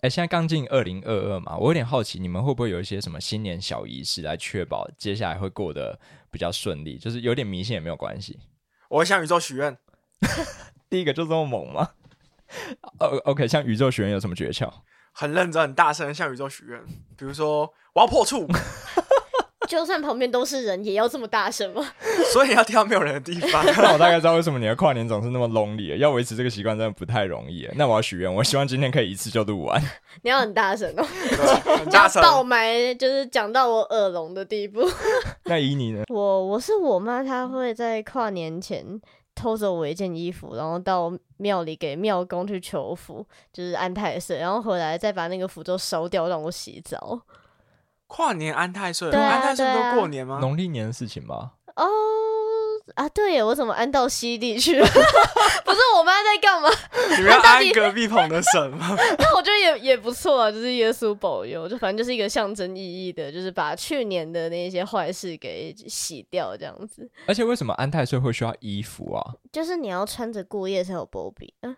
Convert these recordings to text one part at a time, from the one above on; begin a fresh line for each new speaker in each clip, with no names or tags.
哎，現在剛進二零二二嘛，我有點好奇，你們會不會有一些什麼新年小儀式來確保接下來會過得比較順利？就是有點迷信也沒有關係。我會向宇宙許願， 第一個就這麼猛嗎？OK 向宇宙許願有什麼訣竅？
很認真、很大聲向宇宙許願，比如說我要破處。
就算旁邊都是人，也要這麼大聲嗎？
所以要挑沒有人的地方。
那 我大概知道為什麼你的跨年總是那麼 lonely， 要維持這個習慣真的不太容易。那我要許願，我希望今天可以一次就錄完。
你要很大聲哦、喔， 倒埋就是講到我耳聾的地步。
那依你呢？
我我是我媽，她會在跨年前偷走我一件衣服，然後到廟裡給廟公去求福，就是安太歲，然後回來再把那個符咒燒掉，讓我洗澡。
跨年安太歲，啊、安太歲都過年嗎？啊啊、農曆年的事情嗎
哦、oh, 啊，對耶，我怎麼安到西地去了？ 不是我媽在幹嘛？ 你
們要安隔壁棚的神嗎？
那我覺得也也不錯啊，就是耶穌保佑，就反正就是一個象徵意義的，就是把去年的那些壞事給洗掉這樣子。
而且為什麼安太歲會需要衣服啊？
就是你要穿着過夜才有保庇。啊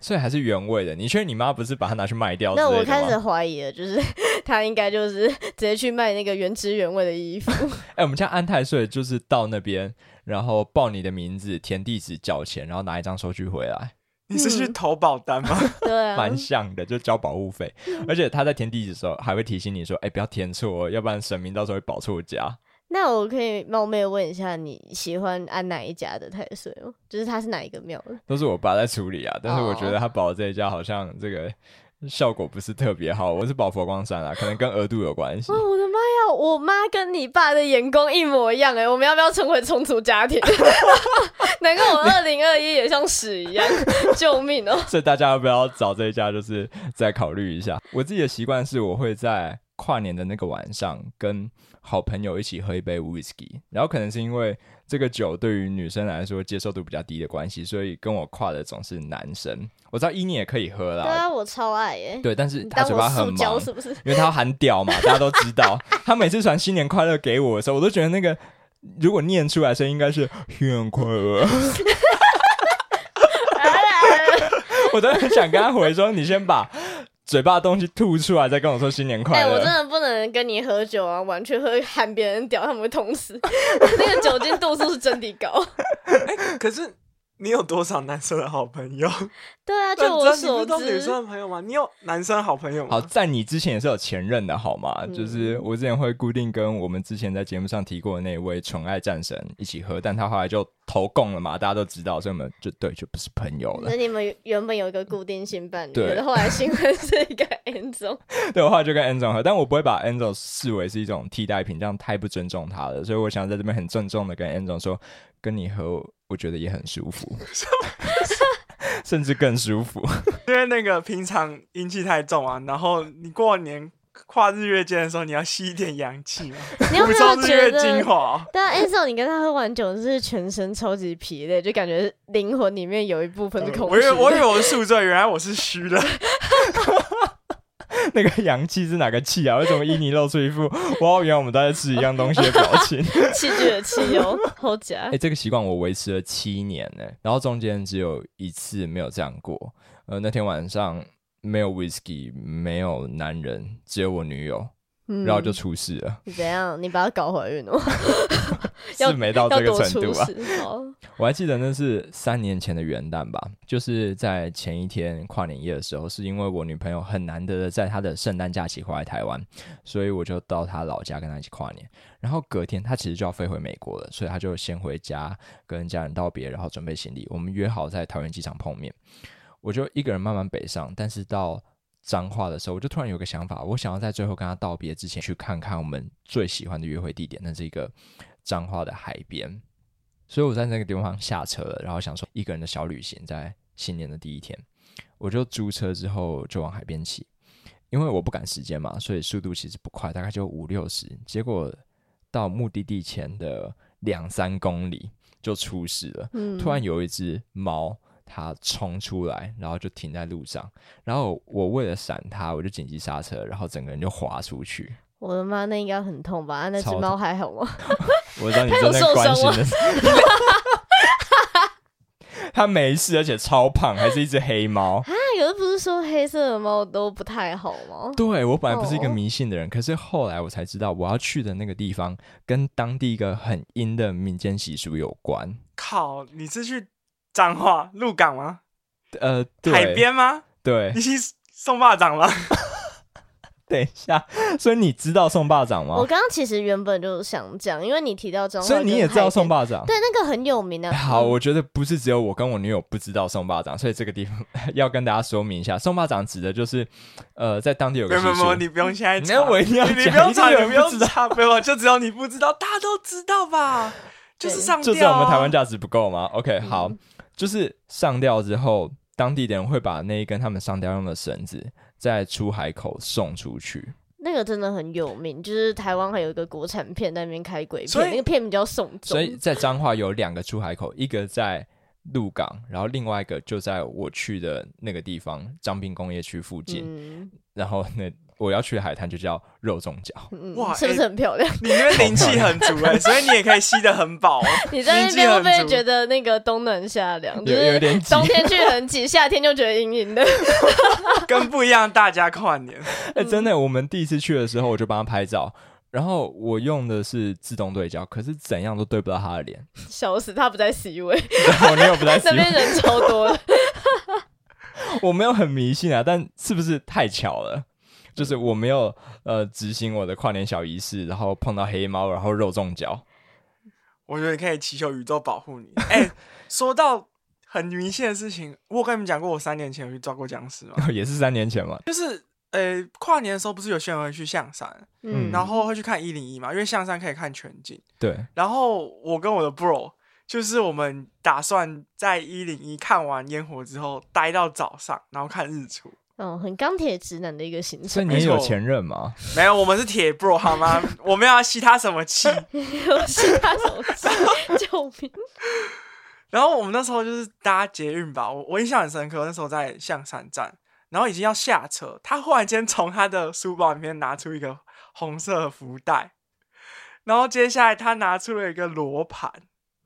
所以還是原味的，你確定你媽不是把它拿去賣掉的？那我開始
懷疑了，就是她應該就是直接去賣那個原汁原味的衣服。哎
欸，我們家安太歲就是到那邊，然後報你的名字、填地址、繳錢，然後拿一張收據回來。
你是去投保單嗎？對、嗯，蠻
像的，就交保護費。 而且他在填地址的時候還會提醒你說：“哎、欸，不要填錯，要不然神明到時候會保錯家。”
那我可以冒昧問一下，你喜歡安哪一家的太歲哦？就是他是哪一個廟的？
都是我爸在處理啊，但是我覺得他保的這一家好像這個效果不是特別好。我是保佛光山啊，可能跟額度有關係。哦，
我的媽呀！我媽跟你爸的眼光一模一樣誒、欸。我們要不要重回重組家庭？難怪 我二零二一也像屎一樣？ 救命哦！
所以大家要不要找這一家？就是再考慮一下。我自己的習慣是，我會在。跨年的那個晚上，跟好朋友一起喝一杯 whisky，然後可能是因為這個酒對於女生來說接受度比較低的關係，所以跟我跨的總是男生。我知道伊妮也可以喝啦，對
啊，我超愛耶、欸。對，但是他嘴巴很忙，是不是？因為
他很屌嘛，大家都知道。 他每次傳新年快樂給我的時候，我都覺得那個如果念出來的時候應該是新年快樂。我都很想跟他回說，你先把。嘴巴的東西吐出來，再跟我說新年快樂。哎、欸，我真
的不能跟你喝酒啊，完全會喊別人屌，他們會痛死。 那個酒精度數是真的高。
哎、 欸，可是。你有多少男生的
好朋友？對啊，就我
所知不是女生的朋友嘛。你有男生的好朋友嗎？
好，在你之前也是有前任的好嗎？嗯、就是我之前會固定跟我們之前在節目上提過的那位“純愛戰神”一起喝，但他後來就投共了嘛，大家都知道，所以我們就對就不是朋友了。那
你們原本有一個固定性伴侶，嗯、是後來新婚是一個 Enzo
對， 對我後來就跟 Enzo 喝，但我不會把 Enzo 視為是一種替代品，這樣太不尊重他了。所以我想在這邊很鄭重的跟 Enzo 說，跟你喝。我覺得也很舒服， 甚至更舒服。
因為那個平常陰氣太重啊，然後你過年跨日月間的時候，你要吸一點陽氣你嘛要要，補充日月精華。
Enzo，你跟他喝完酒就是全身超級疲累，就感覺靈魂裡面有一部分空的。我以為我以為我
是宿醉，原來我是虛的。
那個陽氣是哪個氣啊？為什麼伊尼露出一副 哇，原來我們都在吃一樣東西的表情？器劇的器喲，好假！哎、欸，這個習慣我維持了七年呢、欸，然後中間只有一次沒有這樣過。呃，那天晚上沒有 whisky，沒有男人，只有我女友。然後就出事了。
嗯、怎樣？你把她搞懷孕了？ 是沒到這個程度啊。我
還記得那是三年前的元旦吧，就是在前一天跨年夜的時候，是因為我女朋友很難得的在她的聖誕假期回來台灣，所以我就到她老家跟她一起跨年。然後隔天她其實就要飛回美國了，所以她就先回家跟家人道別，然後準備行李。我們約好在桃園機場碰面，我就一個人慢慢北上，但是到彰化的時候，我就突然有個想法，我想要在最後跟他道別之前去看看我們最喜歡的約會地點，那是一個彰化的海邊。所以我在那個地方下車了，然後想說一個人的小旅行，在新年的第一天，我就租車之後就往海邊騎，因為我不趕時間嘛，所以速度其實不快，大概就五六十。結果到目的地前的兩三公里就出事了，嗯、突然有一只貓。它衝出來，然後就停在路上。然後我為了閃它，我就緊急剎車，然後整個人就滑出去。
我的媽，那應該很痛吧？超啊、那隻貓還好嗎？
我知道你在關心的
事。
它 沒事，而且超胖，還是一隻黑貓
啊！有人不是說黑色的貓都不太
好嗎？對，我本來不是一個迷
信的人，哦、可是後來我才知道，我要去的那個地方跟當地一個很陰的民間習俗有關。
靠！你是去？彰化、鹿港
嗎？呃，海邊嗎？對，你是
送霸掌嗎？
等一下，所以你知道送霸掌嗎？我剛
剛其實原本就想講，因為你提到這，所以你也知道送霸掌。對，那個很有名的。好，
我覺得不是只有我跟我女友不知道送霸掌，所以這個地方要跟大家說明一下，送霸掌指的就是，呃，在當地有。沒有，沒有，你不用現在講，你不用講，你不用講，你不用
講，沒有，就只要你不知道，大家都知道吧？就是上，就是我們台灣價
值不夠嗎？OK，好。就是上吊之後，當地的人會把那一根他們上吊用的繩子在出海口送出去。
那個真的很有名，就是臺灣還有一個國產片，在那邊開鬼片，所以，那個片名叫《送走》。所以
在彰化有兩個出海口，一個在鹿港，然後另外一個就在我去的那個地方——彰濱工業區附近。嗯、然後那。我要去的海灘就叫肉粽角，
哇、嗯，是不是很漂亮？欸、你因為靈氣很足啊、欸，所以你也可以
吸得很飽。
你在那
邊會不會覺得那個冬暖夏涼？
有有點就冬天去
很擠， 夏天就覺得陰陰的。
跟不一樣，大家跨年，哎、欸，真的、欸，我們第一次去的時候，我就幫他拍照，然後我用的是自動對焦，可是怎樣都對不到他的臉。
笑死，他不在 C 位，
我沒有不在 C 位，那邊 人超多 我沒有很迷信啊，但是不是太巧了？就是我沒有呃執行我的跨年小儀式，然後碰到黑貓，然後肉中腳。
我覺得可以祈求宇宙保護你。哎， 說到很迷信的事情，我跟你們講過，我三年前有去抓過僵屍嗎？
也是三年前嘛。就是
呃，跨年的時候不是有些人會去象山，嗯，然後會去看一零一嘛，因為象山可以看全景。對。然後我跟我的 bro 就是我們打算在一零一看完煙火之後待到早上，然後看日出。
嗯，很鋼鐵直男的
一個形
象。所以你有前任嗎？
沒有，我們是鐵 bro 好嗎？我們要吸他什麼氣？我吸他什麼氣？救命！然後我們那時候就是搭捷運吧，我我印象很深刻，那時候在象山站，然後已經要下車，他忽然間從他的書包裡面拿出一個紅色的福袋，然後接下來他拿出了一個羅盤。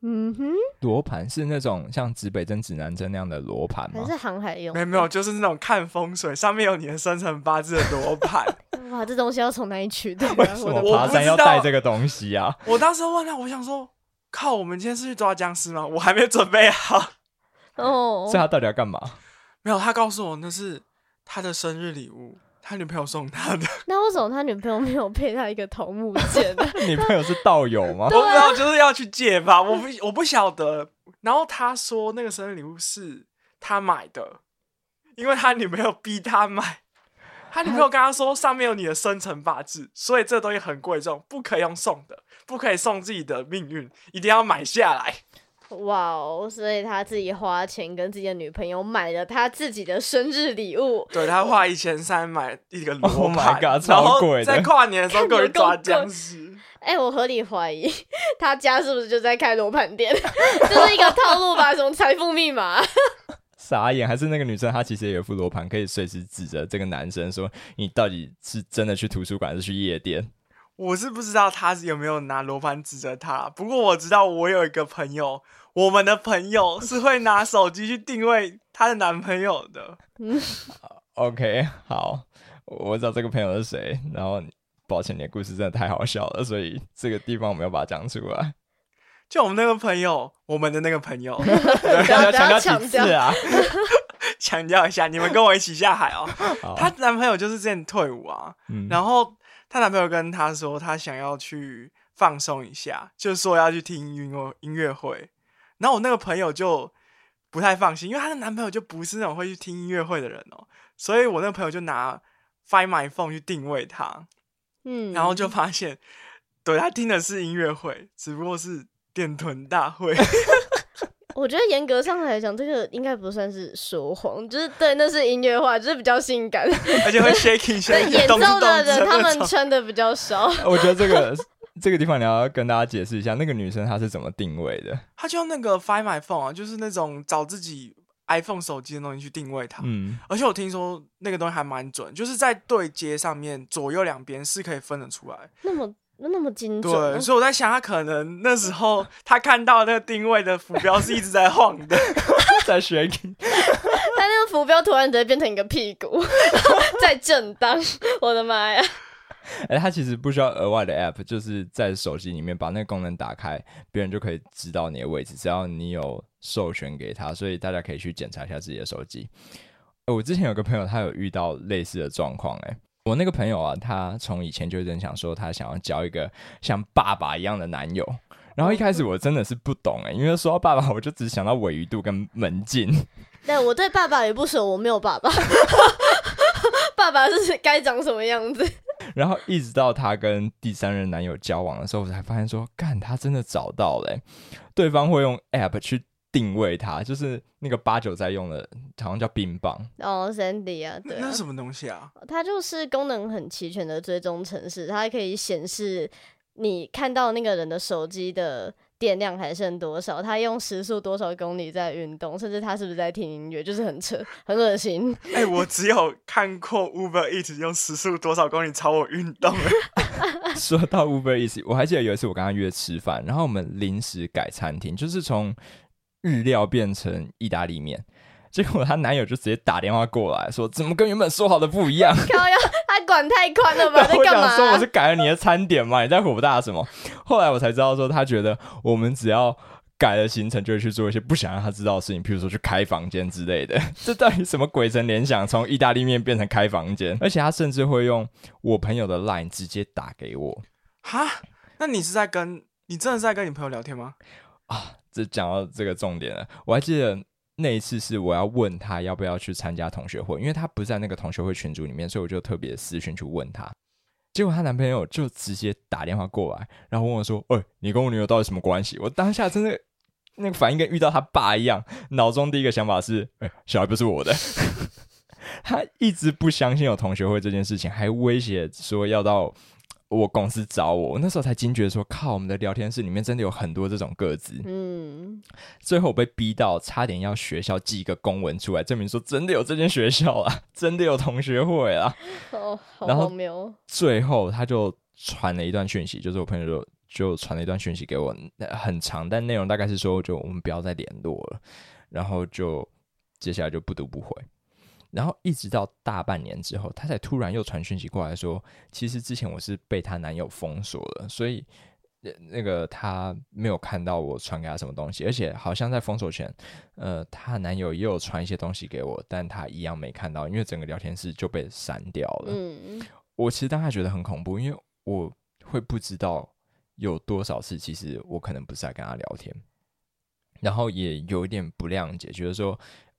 嗯哼，
羅盤是那種像指北針、指南針那樣的羅盤嗎？還是
航海用？沒有沒有，
就是那種看風水，上面有你的生辰八字的羅盤。
哇，這東西要從哪裡取的？麼我爬的山要帶
這個東西啊！
我當時問他，我想說，靠，我們今天是去抓僵屍嗎？我還沒準備好。哦、oh. 嗯，所以他到底要幹嘛？哦、沒有，他告訴我那是他的生日禮物。他女朋友送他的，
那為什麼他女朋友沒有配他一個桃木劍？
女
朋友是道友嗎？我不
知道，就是要去借吧，我不我不曉得。然後他說那個生日禮物是他買的，因為他女朋友逼他買，他女朋友跟他說，上面有你的生辰八字，所以這東西很貴重，不可以用送的，不可以送自己的命運，一定要買下來。
哇哦！Wow, 所以他自己花錢跟自己的女朋友買了他自己的生日禮物。
對，他花一千三買一個羅盤，Oh my God, 超貴的，然後在跨年的時候個人抓僵屍。哎、
欸，我合理懷疑他家是不是就在開羅盤店？ 這是一個套路吧？ 什麼財富密
碼？
傻眼還是那個女生？她其實也有副羅盤，可以隨時指着這個男生說：“你到底是真的去圖書館，還是去夜店？”
我是不知道他是有沒有拿羅盤指着他，不過我知道我有一個朋友，我們的朋友是會拿手機去定位她的男朋友的。嗯
uh, OK，好我，我知道這個朋友是誰。然後抱歉，你的故事真的太好笑了，所以這個地方我沒有把它講出來。
就我們那個朋友，
我們的那個朋友，
強調強調，強 調一下，你們跟我一起下海哦。她好男朋友就是之前退伍啊，嗯、然後。她男朋友跟她說，她想要去放鬆一下，就說要去聽音樂音樂會。然後我那個朋友就不太放心，因為她的男朋友就不是那種會去聽音樂會的人哦。所以我那個朋友就拿 Find My Phone 去定位他。嗯，然後就發現，對，他聽的是音樂會，只不過是電臀大會。
我覺得嚴格上來講，這個應該不算是說謊，就是對，那是音樂化，就是比較性感，
而且會 shaking。對， 演
奏 的人 他們穿的比較少。我覺得這個
這個地方你要跟大家解釋一下，那個女生她是怎麼定位的？
她就用那個 Find My Phone，啊，就是那種找自己 iPhone 手機的東西去定位她。嗯，而且我聽說那個東西還蠻準，就是在對接上面左右兩邊是可以分得出來。那麼。
那麼精準，啊，對，所以我在
想，他可能那時候他看到那個定位的浮標是一直在晃的，
在旋。
他那個浮標突然直接變成一個屁股， 在震盪盪笑。 我的媽媽呀！
哎、欸，他其實不需要額外的 App，就是在手機裡面把那個功能打開，別人就可以知道你的位置，只要你有授權給他。所以大家可以去檢查一下自己的手機，呃。我之前有個朋友，他有遇到類似的狀況，欸，哎。我那個朋友啊，他從以前就一直想說，他想要交一個像爸爸一樣的男友。然後一開始我真的是不懂哎、欸，因為說到爸爸，我就只想到鮪魚肚跟門禁。
對，我對爸爸也不熟，我沒有爸爸， 爸爸是該長什麼樣子？
然後一直到他跟第三任男友交往的時候，我才發現說，幹，他真的找到了、欸，對方會用 app 去。定位它就是那個八九在用的，好像叫冰棒
哦，Sandy 啊，對啊，那是什麼東西啊？它就是功能很齊全的追蹤程式，它可以顯示你看到那個人的手機的電量還剩多少，他用時速多少公里在運動，甚至他是不是在聽音樂，就是很扯，很惡心。哎、 欸，我
只有看過 Uber Eats 用時速多少公里朝我運動。
說到 Uber Eats，我還記得有一次我剛剛約吃飯，然後我們臨時改餐廳，就是從。日料變成意大利麵，結果她男友就直接打電話過來說：“怎麼跟原本說好的不一樣？”哎
他管太寬了吧！在幹嘛啊、我講說我是
改了你的餐點嘛，你在火大什麼？後來我才知道說，他覺得我們只要改了行程，就會去做一些不想讓他知道的事情，譬如說去開房間之類的。 這到底什麼鬼神聯想？從意大利麵變成開房間，而且他甚至會用我朋友的 LINE 直接打給我。
哈？那你是在跟你真的是在跟你朋友聊天嗎？
啊、哦，這講到這個重點了。我還記得那一次是我要問他要不要去參加同學會，因為她不在那個同學會群組裡面，所以我就特別私訊去問他。結果她男朋友就直接打電話過來，然後問我說：“哎、欸，你跟我女友到底什麼關係？”我當下真的那個反應跟遇到他爸一樣，腦中第一個想法是：“哎、欸，小孩不是我的。 ”他一直不相信有同學會這件事情，還威脅說要到。我公司找我，那時候才驚覺說，靠，我們的聊天室裡面真的有很多這種個資。嗯，最後我被逼到差點要學校寄一個公文出來，證明說真的有這間學校啊，真的有同學會啊。哦，
好荒謬。然後
最後他就傳了一段訊息，就是我朋友就就傳了一段訊息給我，很長，但內容大概是說，就我們不要再聯絡了，然後就接下來就不讀不回。然後一直到大半年之後，她才突然又傳訊息過來說：“其實之前我是被她男友封鎖了，所以那個她沒有看到我傳給她什麼東西。而且好像在封鎖前，呃，她男友也有傳一些東西給我，但她一樣沒看到，因為整個聊天室就被刪掉了。”嗯，我其實當時覺得很恐怖，因為我會不知道有多少次其實我可能不是在跟她聊天，然後也有一點不諒解，覺得說：“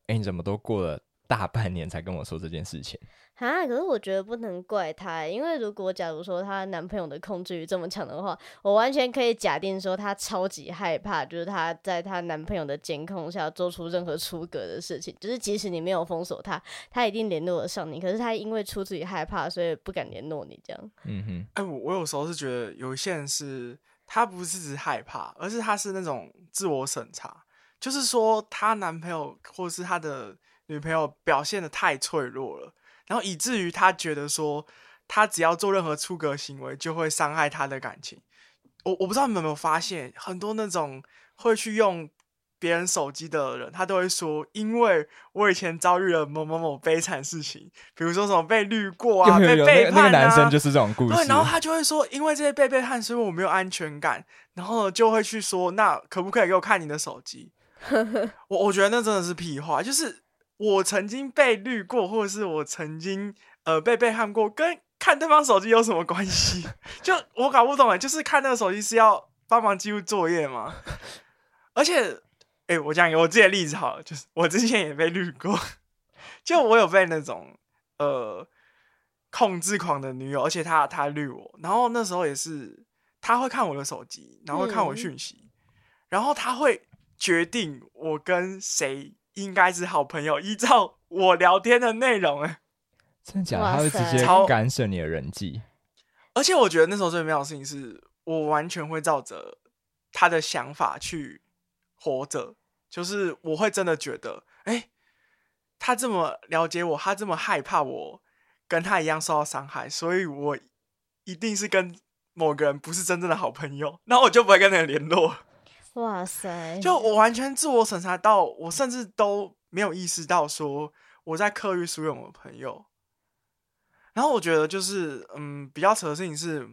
哎，你怎麼都過了？”大半年才跟我說這件事情
哈。可是我覺得不能怪她，欸，因為如果假如說她男朋友的控制欲這麼強的話，我完全可以假定說她超級害怕，就是她在她男朋友的監控下做出任何出格的事情，就是即使你沒有封鎖她，她一定聯絡得上你。可是她因為出自於害怕，所以不敢聯絡你。這樣，
嗯哼，哎，欸，我我有時候是覺得有一些人是她不是害怕，而是她是那種自我審查，就是說她男朋友或者是她的。女朋友表現得太脆弱了，然後以至於他覺得說，他只要做任何出格行為就會傷害他的感情。我我不知道你們有沒有發現，很多那種會去用別人手機的人，他都會說，因為我以前遭遇了某某某悲慘事情，比如說什麼被綠過啊，有有有有被背叛啊，那個男生就是這種故事。對，然後他就會說，因為這些被背、背叛，所以我沒有安全感，然後就會去說，那可不可以給我看你的手機？ 我我覺得那真的是屁話，就是。我曾經被綠過，或者是我曾經呃被背叛過，跟看對方手機有什麼關係？就我搞不懂了，就是看那個手機是要幫忙記錄作業嗎？而且，誒、欸，我講一個我自己的例子好了，就是我之前也被綠過，就我有被那種呃控制狂的女友，而且她她綠我，然後那時候也是她會看我的手機，然後會看我訊息，嗯、然後她會決定我跟誰。應該是好朋友，依照我聊天的內容。哎，
真的假的？他會直接干涉你的人際塞，
而且我覺得那時候最美好的事情是，我完全會照着他的想法去活着，就是我會真的覺得，哎、欸，他這麼了解我，他這麼害怕我跟他一樣受到傷害，所以我一定是跟某個人不是真正的好朋友，那我就不會跟人聯絡。哇塞！就我完全自我審查到，我甚至都沒有意識到說我在刻意疏遠我的朋友。然後我覺得就是，嗯，比較扯的事情是，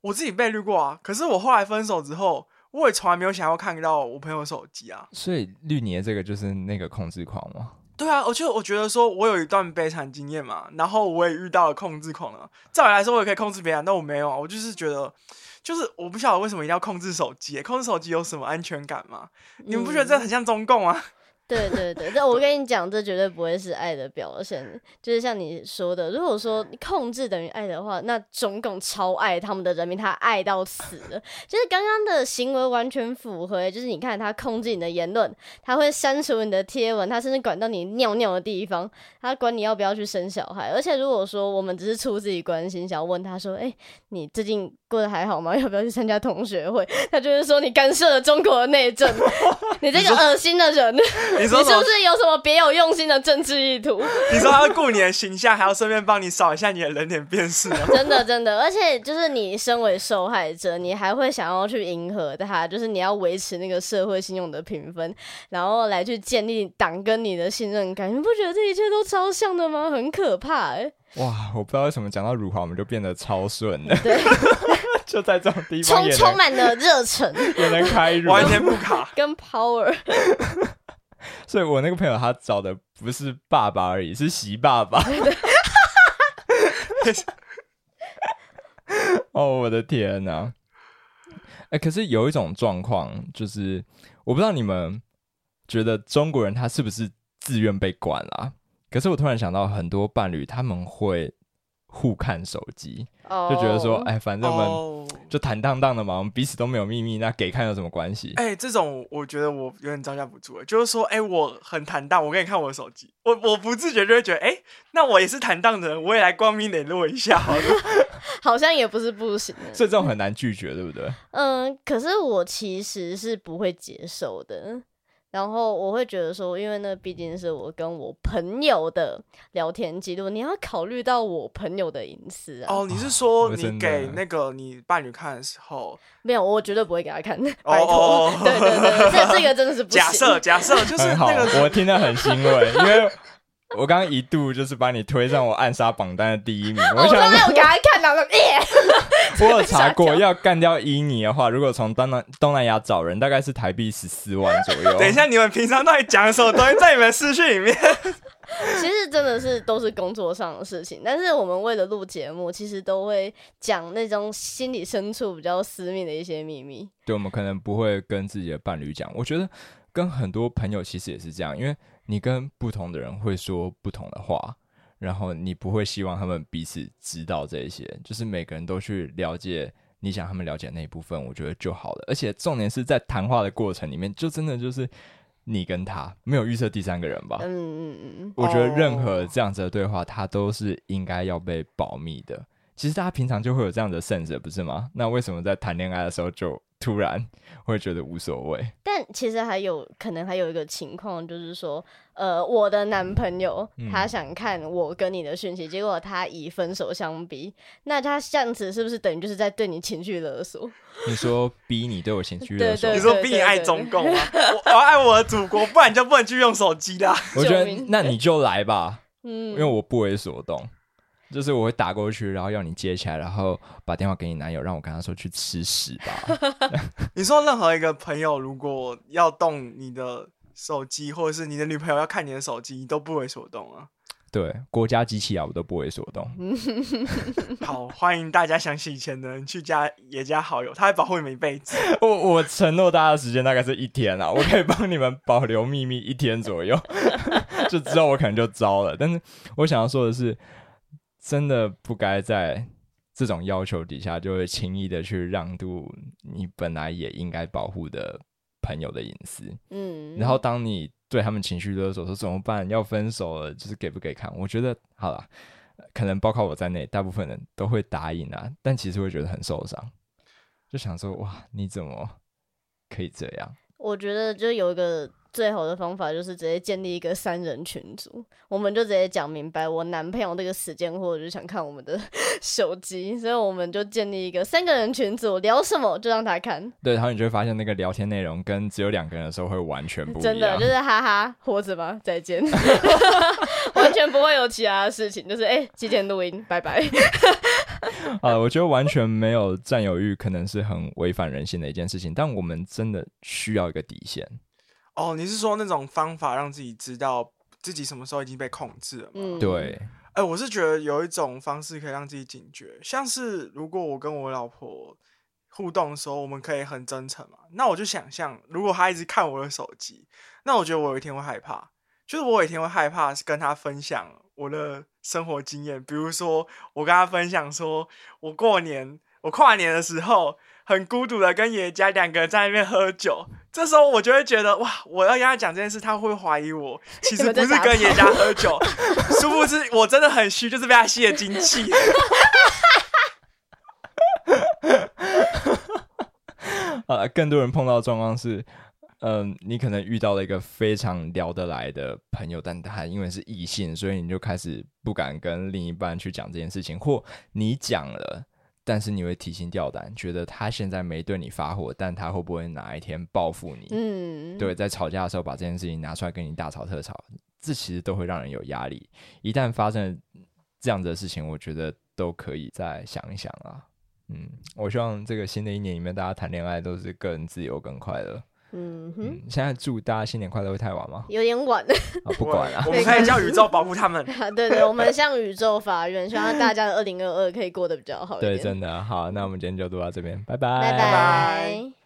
我自己被綠過啊。可是我後來分手之後，我也從來沒有想要看到我朋友的手機啊。
所以綠你的這個就是那個控制狂嗎？
對啊，而且我覺得說我有一段悲慘經驗嘛，然後我也遇到了控制狂了啊。照理來說我也可以控制別人，但我沒有啊，我就是覺得。就是我不曉得為什麼一定要控制手機欸，控制手機有什麼安全感嗎？嗯。你們不覺得這很像中共啊？
對對對，但我跟你講，這絕對不會是愛的表現。就是像你說的，如果說控制等於愛的話，那中共超愛他們的人民，他愛到死了。就是剛剛的行為完全符合，就是你看他控制你的言論，他會刪除你的貼文，他甚至管到你尿尿的地方，他管你要不要去生小孩。而且如果說我們只是出自己關心，想要問他說，哎、欸，你最近過得還好嗎？要不要去參加同學會？他就是說你干涉了中國內政， 你這個噁心的人。 你是不是有什麼別有用心的政治意圖？你說
他會顧你的形象， 還要順便幫你掃一下你的人臉辨識
真的，真的，而且就是你身為受害者，你還會想要去迎合他，就是你要維持那個社會信用的評分，然後來去建立黨跟你的信任感。你不覺得這一切都超像的嗎？很可怕、欸。
哇，我不知道為什麼講到辱華，我們就變得超順了。對， 就在這種地方充充滿了
熱忱， 也能開辱，完全不卡，跟 power。
所以，我那個朋友他找的不是爸爸而已，是習爸爸。
哦
oh, 我的天哪、啊！哎、欸，可是有一種狀況，就是我不知道你們覺得中國人他是不是自願被管啊？可是我突然想到，很多伴侶他們會。互看手機，oh, 就覺得說，哎，反正我們就坦蕩蕩的嘛，oh. 我們彼此都沒有秘密，那給看有什麼關係？哎、
欸，這種我覺得我有點招架不住了，就是說，哎、欸，我很坦蕩，我給你看我的手機，我我不自覺就會覺得，哎、欸，那我也是坦蕩的人，我也來光明磊落一下，好，
的 好像也不是不行，所以這種
很難拒絕，對不
對？嗯，可是我其實是不會接受的。然後我會覺得說，因為那畢竟是我跟我朋友的聊天記錄，你要考慮到我朋友
的隱私、啊、哦，你是說你給那個你伴侶看的時候？
哦、沒有，我絕對不會給他看，拜託。哦，哦哦， 對，對對對， 這這個真的是不假設，假設就是我
聽得很欣慰，因為我剛剛一度就是把你推上我暗殺榜單的第一名， 我想說。 我有查過， 要幹掉伊尼的話，如果從東南東南亞找人，大概是台幣十四萬左右。等一下，你們平常到底講什麼東西在你們視訊裡面？
其實真的是都是工作上的事情，但是我們為了錄節目，其實都會講那種心理深處比較私密的一些秘密。
對，我們可能不會跟自己的伴侶講，我覺得跟很多朋友其實也是這樣，因為你跟不同的人會說不同的話。然後你不會希望他們彼此知道這一些，就是每個人都去了解你想他們了解的那一部分，我覺得就好了。而且重點是在談話的過程裡面，就真的就是你跟他沒有預設第三個人吧？嗯嗯嗯。我覺得任何這樣子的對話，嗯、他都是應該要被保密的。其實大家平常就會有這樣的 sense，不是嗎？那為什麼在談戀愛的時候就？突然會覺得無所謂，
但其實還有可能還有一個情況，就是說，呃，我的男朋友、嗯、他想看我跟你的訊息，結果他以分手相逼，那他這樣子是不是等於就是在對你情緒勒索？
你說逼你對我情緒勒索？ 你說
逼你愛中共嗎？ 我愛我的祖國，不然你就不能去用手機啦、啊。我覺得，救命，那
你就來吧，嗯，因為我不為所動。就是我會打過去，然後要你接起來，然後把電話給你男友，讓我跟他說去吃屎吧。
你說任何一個朋友如果要動你的手機，或者是你的女朋友要看你的手機，你都不為所動啊？
對，國家機器啊，我都不為所動。
好，歡迎大家想起以前的人去加也加好友，他會保護你們一輩子。
我我承諾大家的時間大概是一天啊，我可以幫你們保留秘密一天左右， 就知道我可能就糟了。但是我想要說的是。真的不該在這種要求底下，就會輕易的去讓渡你本來也應該保護的朋友的隱私。嗯，然後當你對他們情緒勒索，說怎麼辦要分手了，就是給不給看？我覺得好了，呃，可能包括我在內，大部分人都會答應啊。但其實會覺得很受傷，就想說哇，你怎麼可以這樣？
我覺得就有一個。最好的方法就是直接建立一個三人群組，我們就直接講明白，我男朋友那個時間，或者是想看我們的手機，所以我們就建立一個三個人群組，聊什麼就讓他看。
對，然後你就會發現那個聊天內容跟只有兩個人的時候會完全不一樣，真的就是
哈哈，活着嗎？再見，完全不會有其他的事情，就是哎，今、欸、天錄音， 拜拜。
啊， 我覺得完全沒有占有欲 可能是很違反人性的一件事情，但我們真的需要一個底線。
哦，你是說那種方法讓自己知道自己什麼時候已經被控制了嗎？對。哎，我是覺得有一種方式可以讓自己警覺，像是如果我跟我老婆互動的時候，我們可以很真誠嘛。那我就想象，如果她一直看我的手機，那我覺得我有一天會害怕。就是我有一天會害怕是跟她分享我的生活經驗，比如說我跟她分享說我過年、我跨年的時候。很孤獨的跟爺家兩個人在那邊喝酒，這時候我就會覺得哇，我要跟他講這件事，他會不會懷疑我其實不是跟爺家喝酒，殊不知我真的很虛，就是被他吸了精氣
好啦，更多人碰到的狀況是，嗯、呃，你可能遇到了一個非常聊得來的朋友，但他因為是異性，所以你就開始不敢跟另一半去講這件事情，或你講了。但是你會提心吊膽，覺得他現在沒對你發火，但他會不會哪一天報復你？嗯，對，在吵架的時候把這件事情拿出來跟你大吵特吵，這其實都會讓人有壓力。一旦發生這樣子的事情，我覺得都可以再想一想啊。嗯，我希望這個新的一年裡面，大家談戀愛都是更自由、更快樂。嗯，哼嗯，現在祝大家新年快樂，會太晚嗎？
有點晚、哦、
不管了，我們可以叫宇宙保護他們。
啊、對、對對，我們向宇宙發願，希望大家的二零二二可以過得比較好一點。 對，真
的。好，那我們今天就錄到這邊，拜拜，拜拜 bye。Bye
bye